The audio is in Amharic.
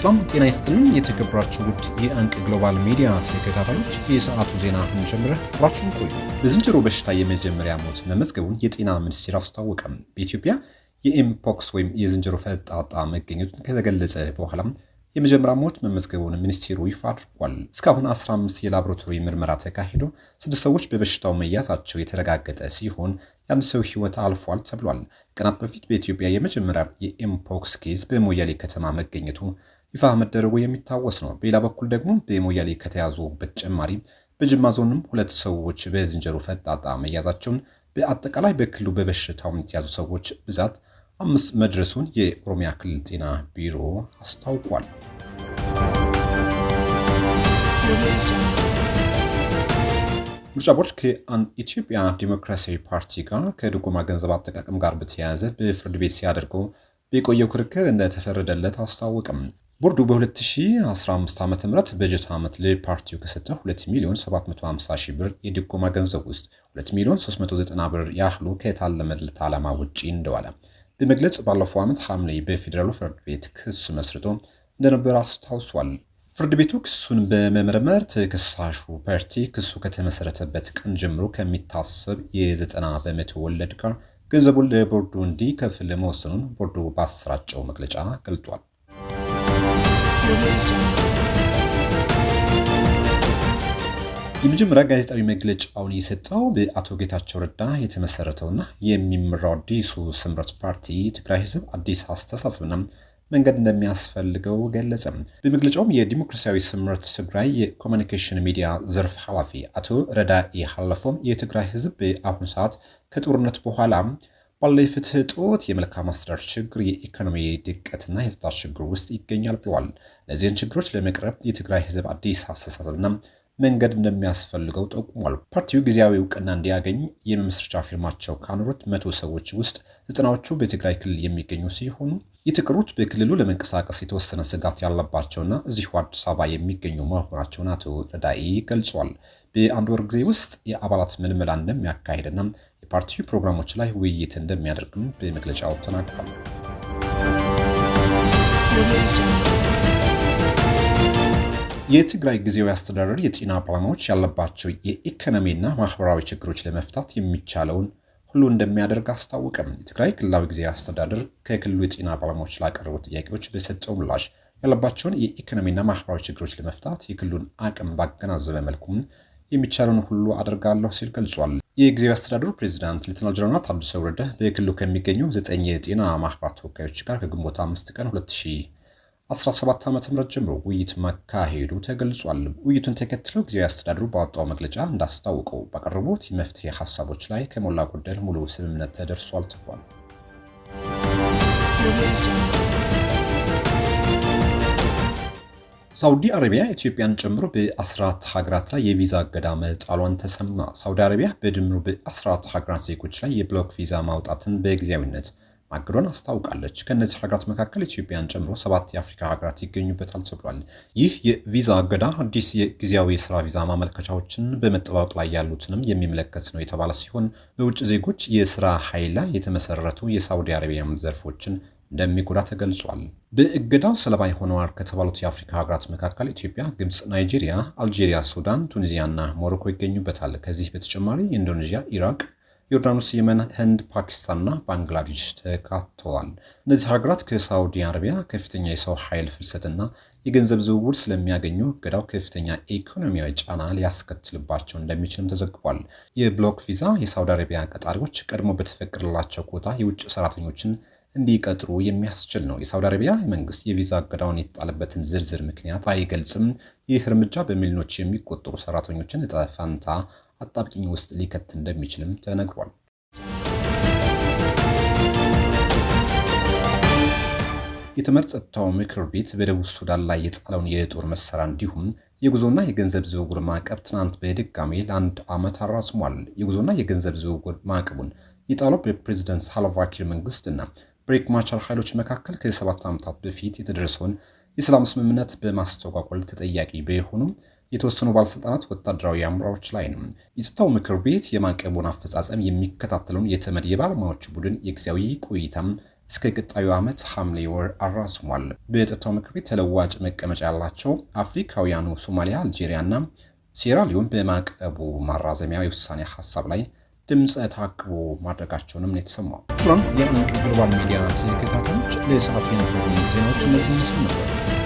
ሰላም ጤና ይስጥልን። የተከበራችሁ ውድ የእንቅ ግሎባል ሚዲያ ተከታታዮች የሰዓቱ ዜና እንጀምረ አብራችሁን ቆዩ። በዝንጀሮ በሽታ የመጀመሪያ ሞት መመዝገቡን የጤና ሚኒስቴር አስታወቀም። በኢትዮጵያ የኤምፖክስ ወይም የዝንጀሮ ፈጣጣ መገኘቱን ከተገለጸ በኋላም የመጀመሪያ ሞት መመዝገቡን ሚኒስቴሩ ይፋ አድርጓል። እስካሁን 15 የላቦራቶሪ ምርመራ ተካሂዶ ስድስት ሰዎች በበሽታው መያዛቸው የተረጋገጠ ሲሆን የአንድ ሰው ሕይወት አልፏል ተብሏል። ቀናት በፊት በኢትዮጵያ የመጀመሪያ የኤምፖክስ ኬዝ በሞያሌ ከተማ መገኘቱ ይፋ መደረጉ የሚታወስ ነው። በሌላ በኩል ደግሞ በሞያሌ ከተያዙ በተጨማሪ በጅማ ዞንም ሁለት ሰዎች በዝንጀሮ ፈንጣጣ መያዛቸውን በአጠቃላይ በክልሉ በበሽታው የተያዙ ሰዎች ብዛት አምስት መድረሱን የኦሮሚያ ክልል ጤና ቢሮ አስታውቋል። ምርጫ ቦርድ ከአንድ ኢትዮጵያ ዲሞክራሲያዊ ፓርቲ ጋር ከድጎማ ገንዘብ አጠቃቀም ጋር በተያያዘ በፍርድ ቤት ሲያደርገው የቆየው ክርክር እንደተፈረደለት አስታወቅም። ቦርዱ በ2015 ዓ ም በጀት ዓመት ለፓርቲው ከሰጠ 2 ሚሊዮን 750 ሺህ ብር የድጎማ ገንዘብ ውስጥ 2 ሚሊዮን 390 ብር ያህሉ ከታለመለት ዓላማ ውጪ እንደዋለ በመግለጽ ባለፈው ዓመት ሐምሌ በፌዴራሉ ፍርድ ቤት ክስ መስርቶ እንደነበር አስታውሷል። ፍርድ ቤቱ ክሱን በመመርመር ተከሳሹ ፓርቲ ክሱ ከተመሰረተበት ቀን ጀምሮ ከሚታሰብ የ90 በመቶ ወለድ ጋር ገንዘቡን ለቦርዱ እንዲከፍል መወሰኑን ቦርዱ ባሰራጨው መግለጫ ገልጧል። የመጀመሪያ ጋዜጣዊ መግለጫውን የሰጠው በአቶ ጌታቸው ረዳ የተመሰረተውና የሚመራው አዲሱ ስምረት ፓርቲ ትግራይ ህዝብ አዲስ አስተሳሰብና መንገድ እንደሚያስፈልገው ገለጸ። በመግለጫውም የዲሞክራሲያዊ ስምረት ትግራይ የኮሚኒኬሽን ሚዲያ ዘርፍ ኃላፊ አቶ ረዳ ሃለፎም የትግራይ ህዝብ በአሁኑ ሰዓት ከጦርነት በኋላ ባለ የፍትህ እጦት የመልካም አስተዳደር ችግር የኢኮኖሚ ድቀትና የጸጥታ ችግር ውስጥ ይገኛል ብለዋል። እነዚህን ችግሮች ለመቅረብ የትግራይ ህዝብ አዲስ አስተሳሰብና መንገድ እንደሚያስፈልገው ጠቁሟል። ፓርቲው ጊዜያዊ እውቅና እንዲያገኝ የመመስረቻ ፊርማቸው ካኖሩት መቶ ሰዎች ውስጥ ዘጠናዎቹ በትግራይ ክልል የሚገኙ ሲሆኑ የጥቅሮች በክልሉ ለመንቀሳቀስ የተወሰነ ስጋት ያለባቸውና እዚሁ አዲስ አበባ የሚገኙ መሆናቸውን አቶ ረዳኢ ገልጿል። በአንድ ወር ጊዜ ውስጥ የአባላት ምልመላ እንደሚያካሄድና የፓርቲው ፕሮግራሞች ላይ ውይይት እንደሚያደርግም በመግለጫው ተናግሯል። የትግራይ ጊዜያዊ አስተዳደር የጤና ባለሙያዎች ያለባቸው የኢኮኖሚና ማህበራዊ ችግሮች ለመፍታት የሚቻለውን ሁሉ እንደሚያደርግ አስታወቀም። የትግራይ ክልላዊ ጊዜያዊ አስተዳደር ከክልሉ የጤና ባለሙያዎች ላቀረቡ ጥያቄዎች በሰጠው ምላሽ ያለባቸውን የኢኮኖሚና ማህበራዊ ችግሮች ለመፍታት የክልሉን አቅም ባገናዘበ መልኩም የሚቻለውን ሁሉ አደርጋለሁ ሲል ገልጿል። የጊዜያዊ አስተዳደሩ ፕሬዚዳንት ሌተናል ጀነራል ታደሰ ወረደ በክልሉ ከሚገኙ ዘጠኝ የጤና ማህበራት ተወካዮች ጋር ከግንቦት አምስት ቀን 2017 ዓ ም ጀምሮ ውይይት መካሄዱ ተገልጿል። ውይይቱን ተከትለው ጊዜያዊ አስተዳደሩ ባወጣው መግለጫ እንዳስታወቀው ባቀረቡት የመፍትሄ ሀሳቦች ላይ ከሞላ ጎደል ሙሉ ስምምነት ተደርሷል ተብሏል። ሳውዲ አረቢያ ኢትዮጵያን ጨምሮ በ14 ሀገራት ላይ የቪዛ እገዳ መጣሏን ተሰማ። ሳውዲ አረቢያ በድምሩ በ14 ሀገራት ዜጎች ላይ የብሎክ ቪዛ ማውጣትን በጊዜያዊነት ማገዷን አስታውቃለች። ከእነዚህ ሀገራት መካከል ኢትዮጵያን ጨምሮ ሰባት የአፍሪካ ሀገራት ይገኙበታል ተብሏል። ይህ የቪዛ እገዳ አዲስ የጊዜያዊ የስራ ቪዛ ማመልከቻዎችን በመጠባበቅ ላይ ያሉትንም የሚመለከት ነው የተባለ ሲሆን በውጭ ዜጎች የስራ ኃይል ላይ የተመሰረቱ የሳውዲ አረቢያም ዘርፎችን እንደሚጎዳ ተገልጿል። በእገዳው ሰለባ ሆነዋል ከተባሉት የአፍሪካ ሀገራት መካከል ኢትዮጵያ፣ ግብፅ፣ ናይጄሪያ፣ አልጄሪያ፣ ሱዳን፣ ቱኒዚያና ሞሮኮ ይገኙበታል። ከዚህ በተጨማሪ ኢንዶኔዥያ፣ ኢራቅ ዮርዳኖስ፣ የመን፣ ህንድ፣ ፓኪስታንና ባንግላዴሽ ተካተዋል። እነዚህ ሀገራት ከሳዑዲ አረቢያ ከፍተኛ የሰው ኃይል ፍልሰትና የገንዘብ ዝውውር ስለሚያገኙ እገዳው ከፍተኛ ኢኮኖሚያዊ ጫና ሊያስከትልባቸው እንደሚችልም ተዘግቧል። የብሎክ ቪዛ የሳዑዲ አረቢያ ቀጣሪዎች ቀድሞ በተፈቀደላቸው ኮታ የውጭ ሰራተኞችን እንዲቀጥሩ የሚያስችል ነው። የሳውዲ አረቢያ መንግስት የቪዛ እገዳውን የተጣለበትን ዝርዝር ምክንያት አይገልጽም። ይህ እርምጃ በሚሊዮኖች የሚቆጠሩ ሰራተኞችን እጣ ፈንታ አጣብቂኝ ውስጥ ሊከት እንደሚችልም ተነግሯል። የትምህርት ጸጥታው ምክር ቤት በደቡብ ሱዳን ላይ የጣለውን የጦር መሳሪያ እንዲሁም የጉዞና የገንዘብ ዝውውር ማዕቀብ ትናንት በድጋሜ ለአንድ ዓመት አራዝሟል። የጉዞና የገንዘብ ዝውውር ማዕቀቡን የጣለው በፕሬዚደንት ሳልቫኪር መንግስትና ብሬክ ማቻል ኃይሎች መካከል ከሰባት ዓመታት በፊት የተደረሰውን የሰላም ስምምነት በማስተጓጎል ተጠያቂ ቢሆኑም የተወሰኑ ባለስልጣናት ወታደራዊ አምራሮች ላይ ነው። የጸጥታው ምክር ቤት የማዕቀቡን አፈጻጸም የሚከታተለውን የተመድ የባለሙያዎች ቡድን የጊዜያዊ ቆይታም እስከ ቀጣዩ ዓመት ሐምሌ ወር አራዝሟል። በጸጥታው ምክር ቤት ተለዋጭ መቀመጫ ያላቸው አፍሪካውያኑ ሶማሊያ፣ አልጄሪያ እና ሴራሊዮን በማዕቀቡ ማራዘሚያ የውሳኔ ሀሳብ ላይ ድምፀ ታቅቦ ማድረጋቸውንም ነው የተሰማው። ቱራም የእንቅ ግሎባል ሚዲያ ተከታታዮች ለሰዓቱ የነበሩ ዜናዎች እነዚህ ይመስሉ ነበር።